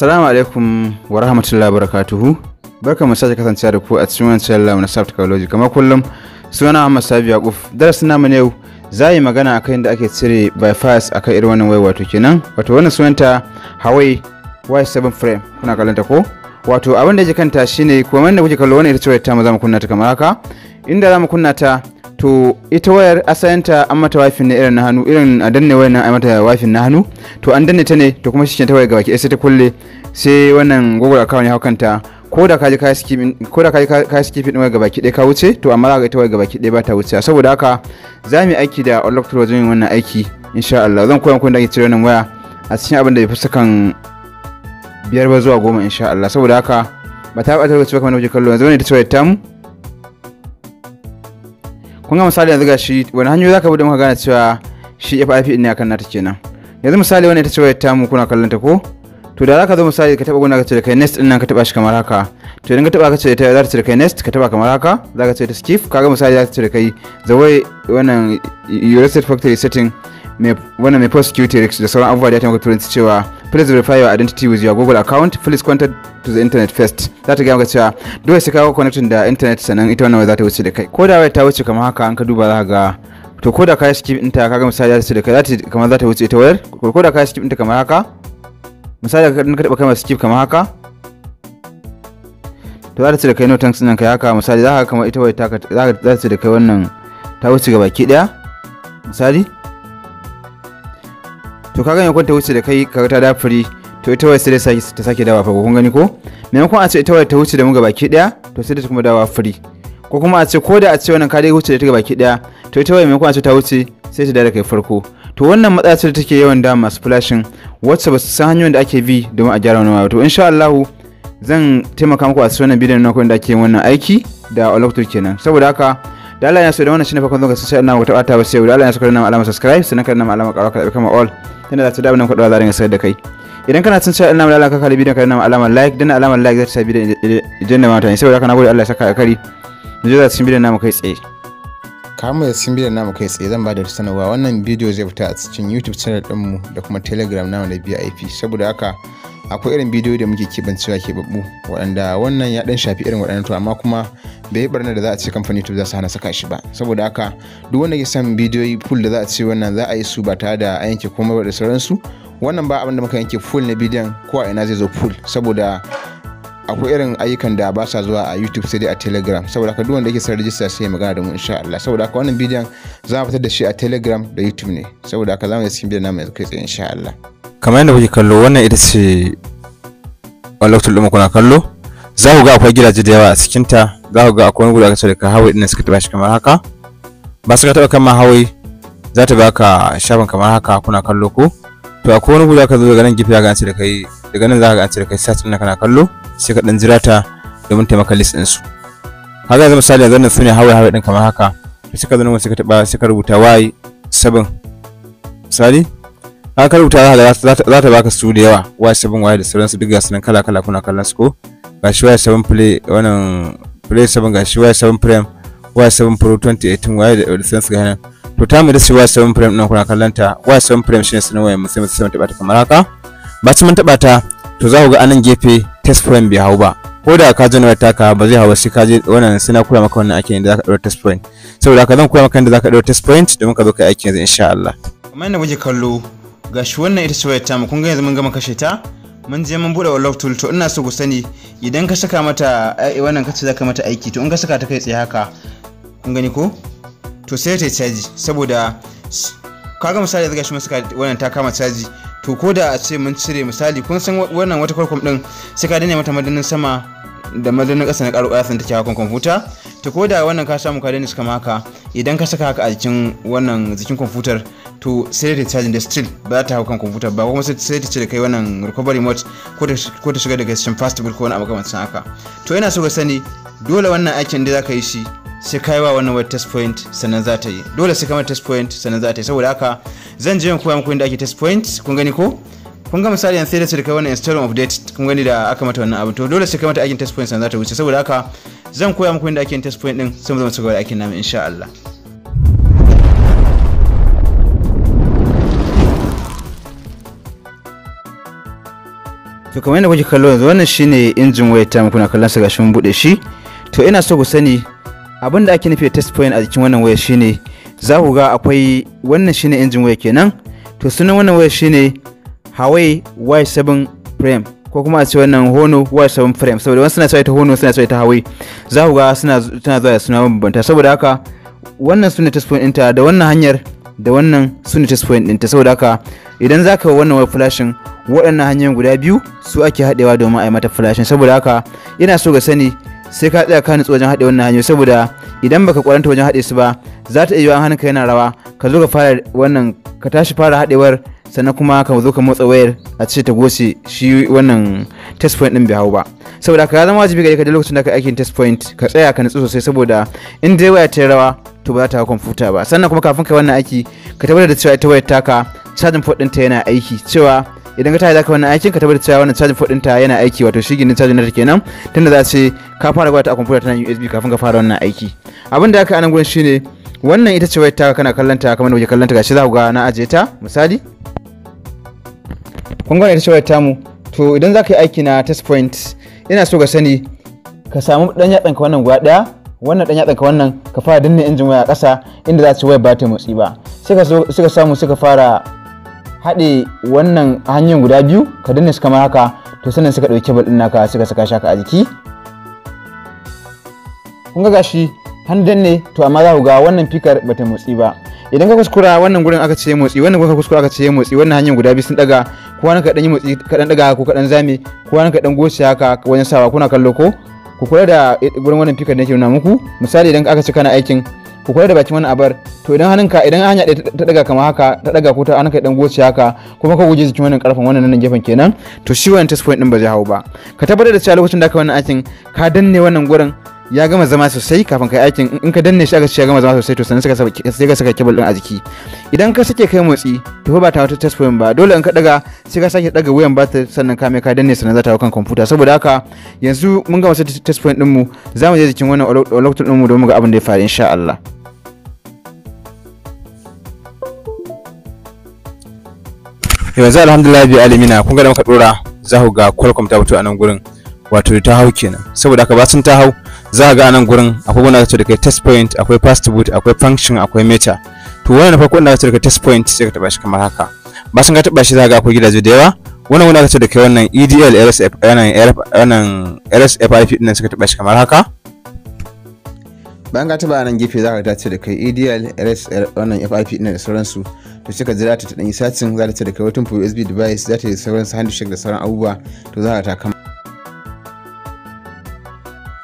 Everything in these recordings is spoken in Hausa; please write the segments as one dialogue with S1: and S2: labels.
S1: Assalamu alaikum wa rahmatullahi wa barakatuhu. Barka mu sake kasancewa da ku a cikin wannan channel na Sub Technology. Kamar kullum suna Ahmad Sabi Yakuf. Darasin namu ne yau za yi magana akan yadda ake cire bypass akan irin wannan wayar wato kenan. Wato wannan sunanta Huawei Y7 frame. Kuna kallon ta ko? Wato abin da yake kanta shine kuma da kuke kallo wannan ita ce wayar ta mu za mu kunna ta kamar haka. Inda za mu kunna ta to ita wayar asalanta an mata wafin na irin na hannu irin a danne wayar nan an mata wafin na hannu to an danne ta ne to kuma shi ta wayar gabaki sai ta kulle sai wannan google account ya haukanta ko da kaji kayi skipping ko da kaji kayi din gabaki ɗaya ka wuce to amma za ka ita wayar gabaki ɗaya ba ta wuce saboda haka za mu yi aiki da unlock tool wajen yin wannan aiki insha Allah zan koya muku da ake cire wannan waya a cikin abin da ya fi kan biyar ba zuwa goma insha Allah saboda haka ba ta bata lokaci ba kamar da kuke kallo yanzu ne ta wayar tamu kun ga misali yanzu ga shi wani hanyoyi zaka bude muka gane cewa shi FIP ne akan nata kenan yanzu misali wani ita ce wayar tamu kuna kallon ta ko to da zaka zo misali ka taba gona ka ce kai next din nan ka taba shi kamar haka to idan ka taba ka ce ta za ta ce kai next ka taba kamar haka za ka ce ta skip kaga misali za ta ce kai the way wannan your factory setting wannan mai post prosecutrix da sauran abubuwa da ya taimaka turanci cewa please verify your identity with your google account please contact to the internet first za ta gaya maka cewa dole sai kawo connection da internet sannan ita wannan za ta wuce da kai ko da waya ta wuce kamar haka an ka duba za ka ga to ko da ka skip ɗinta kaga misali za ta wuce da kai za ta kamar za ta wuce ita wayar ko da ka skip ɗinta kamar haka misali ka taɓa kamar skip kamar haka to za ta ce da kai no thanks nan kai haka misali za ka kamar ita wayar ta za ta ce da kai wannan ta wuce gaba ki daya misali to kaga yankon ta wuce da kai ka ta firi to ita wayar sai ta sake dawa fa kun gani ko maimakon a ce ita wayar ta wuce da mu gabaki daya to sai ta kuma dawa firi ko kuma a ce ko da a ce wannan ka dai wuce da ta gabaki daya to ita wayar maimakon a ce ta wuce sai ta da kai farko to wannan matsala ce da take yawan da masu flashing wacce ba su san hanyoyin da ake bi domin a gyara wannan waya to insha Allah zan taimaka muku a cikin wannan bidiyon na da ake wannan aiki da Olocto kenan saboda haka da Allah ya so da wannan shine farkon ga sai Allah ku tabbata ba sai da Allah ya so kana alama subscribe sannan kana alama karawa ka kama all tana za ta da abin kwaɗawa za a dinga sayar da kai idan kana cin cewa ina mu lalaka kalibi da kana na alamar like dan alamar like za ta sa da idan da mutane saboda haka na gode Allah ya saka a kari mu je za ta cin bidiyon namu kai tsaye kamar da cin bidiyon namu kai tsaye zan ba da sanarwa wannan bidiyo zai fita a cikin youtube channel mu da kuma telegram namu na vip saboda haka akwai irin bidiyo da muke ke babbu waɗanda wannan ya ɗan shafi irin waɗannan to amma kuma bai barna da za a ce kamfani to za su hana saka shi ba saboda haka duk wanda ke son bidiyoyi full da za a ce wannan za a yi su ba tare da a yanke komai ba da sauransu wannan ba abin da muka yanke full na bidiyon ko a ina zai zo full saboda akwai irin ayyukan da ba sa zuwa a YouTube sai dai a Telegram saboda haka duk wanda yake son rijista sai ya magana da mu insha Allah saboda haka wannan bidiyon za a fitar da shi a Telegram da YouTube ne saboda haka za mu yi cikin bidiyon namu yanzu kai tsaye insha Allah kamar yadda kuke kallo wannan ita ce walaktul ɗin kuna kallo za ku ga akwai gidaje da yawa a cikinta za ku ga akwai wani guda da ka hawaii ɗin suka taɓa shi kamar haka ba su ka taɓa kan ma za ta baka shafin kamar haka kuna kallo ko to akwai wani guda da zo daga nan gefe ga an ce da kai daga nan za ka ga an ce da kai sat ɗin kana kallo sai ka ɗan jira ta domin taimaka list ɗin su haka yanzu misali yanzu nan su ne hawaii hawaii ɗin kamar haka sai ka zo wani sai ka taɓa sai ka rubuta y 7 misali ka ka rubuta za ta za ta baka su da yawa wa seven waya da sauransu duk gasu nan kala kala kuna kallon su ko gashi waya seven play wannan play seven gashi waya seven prime waya seven pro 2018 waya da sauransu gashi nan to ta mu da su waya seven prime din kuna kallon ta waya seven prime shine sunan waya mu sai mu sai mu taba ta kamar haka ba su mun taba ta to za ku ga anan gefe test prime bai hau ba ko da ka ta ka ba zai hawa shi ka je wannan suna kula maka wannan aikin da zaka dora test point saboda ka zan kula maka yadda zaka dora test point domin ka zo ka aikin yanzu insha Allah kamar yadda muke kallo gashi wannan ita ce wayar tamu kun gani yanzu mun gama kashe ta mun je mun bude wallof tool to ina so ku sani idan ka saka mata eh, wannan kace zaka mata aiki to in ka saka ta kai tsaye haka kun gani ko to sai ta caji saboda kaga misali yanzu gashi mun saka wannan ta kama caji to ko da a ce mun cire misali kun san wannan wata kwarkwam din sai ka dane mata madannin sama da madannin ƙasa na ƙaro sun take hakan kwamfuta to ko da wannan ka samu ka dane su kama haka idan ka saka haka a jikin wannan jikin kwamfutar to sai da cajin da still ba ta hau kan kwamfuta ba kuma sai ta ce da kai wannan recovery mode ko ta shiga daga cikin fast boot ko wani abu kamar haka to yana so ka sani dole wannan aikin da za ka yi shi sai ka yi wa wannan test point sannan za ta yi dole sai kamar test point sannan za ta yi saboda haka zan je in koya muku inda ake test point kun gani ko kun ga misali yanzu sai da su kai wannan install of date kun gani da aka mata wannan abu to dole sai ka mata aikin test point sannan za ta wuce saboda haka zan koya muku inda ake test point din sai mu zama su gaba da aikin namu insha Allah to kamar yadda kuke kallo yanzu wannan shine injin wayar ta kuna kallon sa shi mun bude shi to ina so ku sani abin da ake nufi test point a jikin wannan wayar shine za ku ga akwai wannan shine injin wayar kenan to sunan wannan wayar shine Huawei Y7 Prime ko kuma a ce wannan Hono Y7 Prime saboda wasu suna cewa ita hono suna cewa ita hawai za ku ga suna tana zuwa da suna mabambanta saboda haka wannan sune test point ɗinta da wannan hanyar da wannan su ne test point ɗinta saboda haka idan za ka yi wannan web flashin waɗannan hanyoyin guda biyu su ake haɗewa domin a yi mata flashin saboda haka yana so ga sani sai ka tsaya ka nutsu wajen haɗe wannan hanyoyi saboda idan baka kwaranta wajen haɗe su ba za ta iya an hannunka yana rawa ka zo ka fara wannan ka tashi fara haɗewar sannan kuma ka zo ka motsa wayar a ce ta goce shi wannan test point din bai hau ba saboda ka zama wajibi gare ka da lokacin da ka aikin test point ka tsaya ka nutsu sosai saboda in dai waya ta rawa to ba za ta hau kwamfuta ba sannan kuma kafin ka wannan aiki ka tabbatar da cewa ita wayar taka charging port ɗinta yana aiki cewa idan ka tashi ka wannan aikin ka tabbatar da cewa wannan charging port ɗinta yana aiki wato shi ginin charging nata kenan tunda za ce ka fara gwata a kwamfuta tana USB kafin ka fara wannan aiki abin da aka anan gurin shine wannan ita ce wayar taka kana kallon ta kamar da kuke kallon ta gashi za ku ga na ajiye ta misali kun gane ita shawarar tamu to idan za ka yi aiki na test point yana so ga sani ka samu dan yatsan ka wannan guda wannan dan yatsan ka wannan ka fara danna injin waya ƙasa inda za su waya ba ta motsi ba suka samu suka fara haɗe wannan hanyar guda biyu ka danna su kamar haka to sannan suka ɗauki bal naka suka saka shaka a jiki kun ga gashi hannu danne to amma za ku ga wannan fikar ta motsi ba idan ka kuskura wannan gurin aka ce motsi wannan gurin ka kuskura aka ce motsi wannan hanyar guda biyu sun daga ko wani dan yi motsi dan daga ko dan zame ko wani dan goshi haka wajen sawa kuna kallo ko ku kula da gurin eh, wannan fikar da yake nuna muku misali idan aka ci kana aikin ku kula da bakin wannan abar to idan hannunka idan hanya ɗaya ta daga kama haka ta daga ko ta hannunka dan goce haka kuma ka guje jikin wannan karfin wannan nan gefen kenan to shi wannan test point din ba zai hau ba ka tabbatar da cewa lokacin da aka wannan aikin ka danne wannan gurin ya gama zama sosai kafin kai aikin in ka danne shi aka ce ya gama zama sosai to sannan sai ka saka kibul din a jiki idan ka sake kai motsi to ba ta wata test point ba dole in ka daga sai ka sake daga wuyan ba ta sannan ka mai ka danne sannan za ta kan computer saboda haka yanzu mun gama sai test point din mu za mu je jikin wannan oloctol din mu domin ga abin da ya faru insha Allah yanzu alhamdulillah bi alimina kun ga da muka dora za ku ga Qualcomm ta fito a nan gurin wato ta hau kenan saboda haka ba sun ta hau za ga nan gurin akwai wanda aka ce da kai test point akwai fast boot akwai function akwai meter to wannan farko wanda aka ce da kai test point sai ka taba shi kamar haka Ba sun ka taba shi za ga akwai gidaje da yawa wannan wanda aka ce da kai wannan EDL RSF wannan wannan IP din ka taba shi kamar haka bayan ka taba nan gefe za ka ta ce da kai EDL RS wannan FIP din da sauransu to sai ka jira ta ta dan yi searching za ta ce da kai wata USB device za ta yi sauransu handshake da sauran abubuwa to za ka ta kama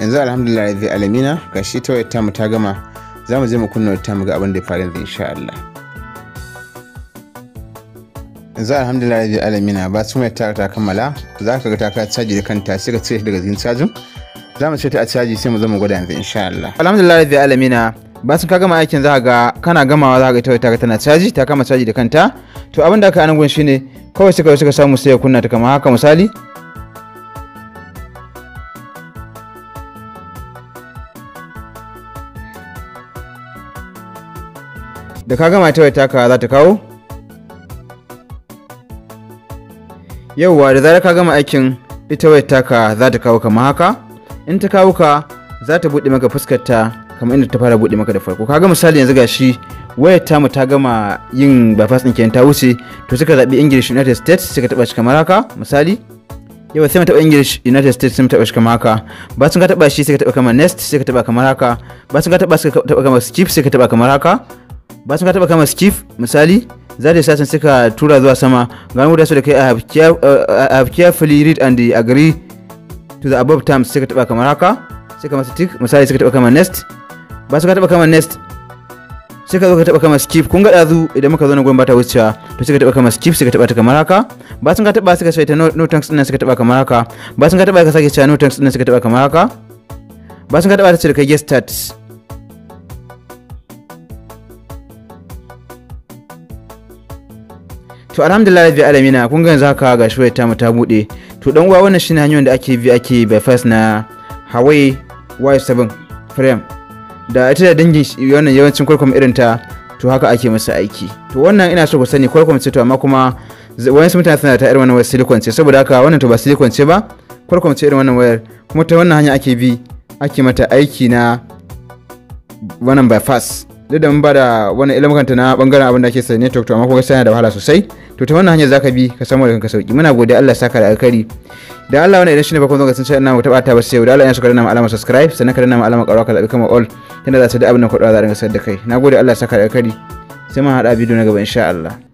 S1: yanzu alhamdulillah rabbi alamina shi ta wayar ta gama za mu je mu kunna wayar mu ga abin da ya faru yanzu insha Allah yanzu alhamdulillah rabbi alamina ba su wayar ta kammala za ka ga ta ka caji da kanta sai ka cire daga zin cajin za mu ce ta a caji sai mu zama gwada yanzu insha Allah alhamdulillah rabbi alamina ba su ka gama aikin za ga kana gamawa za ka ga ita tana caji ta kama caji da kanta to abin da aka anan gun shine kawai suka suka samu sai ya kunna ta kama haka misali da ka gama ta waita za ta kawo yauwa da zarar ka gama aikin ita wai taka za ta kawo kama haka in ta kawo ka za ta buɗe maka fuskar ta kamar inda ta fara buɗe maka da farko kaga misali yanzu shi wayar tamu ta gama yin bypass ɗin kenan ta wuce to suka zaɓi English United States suka taɓa shi kamar haka misali yau sai mu taɓa English United States sai taɓa shi kamar haka ba sun ka taɓa shi sai ka taɓa kamar Nest sai ka taɓa kamar haka ba sun ka taɓa suka ka taɓa kamar Skip sai ka taɓa kamar haka ba sun ka taba kama skif misali za ta sasan suka tura zuwa sama ga wanda su da kai a uh, have carefully read and agree to the above terms suka taba kamar haka suka masa tick misali suka taba kama next ba su ka taba kama next suka zo ka taba kama skip kun ga dazu idan muka zo na gwamba ta wucewa to suka taba kama skip suka taba ta kamar haka ba sun ka taba suka sai ta no tanks din suka taba kamar haka ba sun ka taba ka sake cewa no tanks din suka taba kamar haka ba sun ka taba ta ce da kai guest stats to alhamdulillah rabbi alamina kun ga yanzu haka ga shi ta mu ta bude to dan uwa wannan shine hanyoyin da ake bi ake first na Huawei Y7 frame da ita da dangin wannan yawancin Qualcomm irin ta to haka ake masa aiki to wannan ina so ku sani Qualcomm ce to amma kuma wayansu mutane suna ta irin wannan silicon ce saboda haka wannan to ba silicon ce ba Qualcomm ce irin wannan wayar kuma ta wannan hanya ake bi ake mata aiki na wannan bypass duk da mun bada wannan ilmukanta na bangaren abin da ake sai network to amma kuma sai da wahala sosai to ta wannan hanyar zaka bi ka samu da kanka sauki muna godiya Allah saka da alkhairi da Allah wannan idan shine bakon zaka san ina mu taba ta ba sai da Allah ya saka da nama alama subscribe sannan ka da nama alama karawa ka zabi kama all tunda za su da abin da kwadawa za a dinga sayar da kai nagode Allah saka da alkhairi sai mun hada bidiyo na gaba insha Allah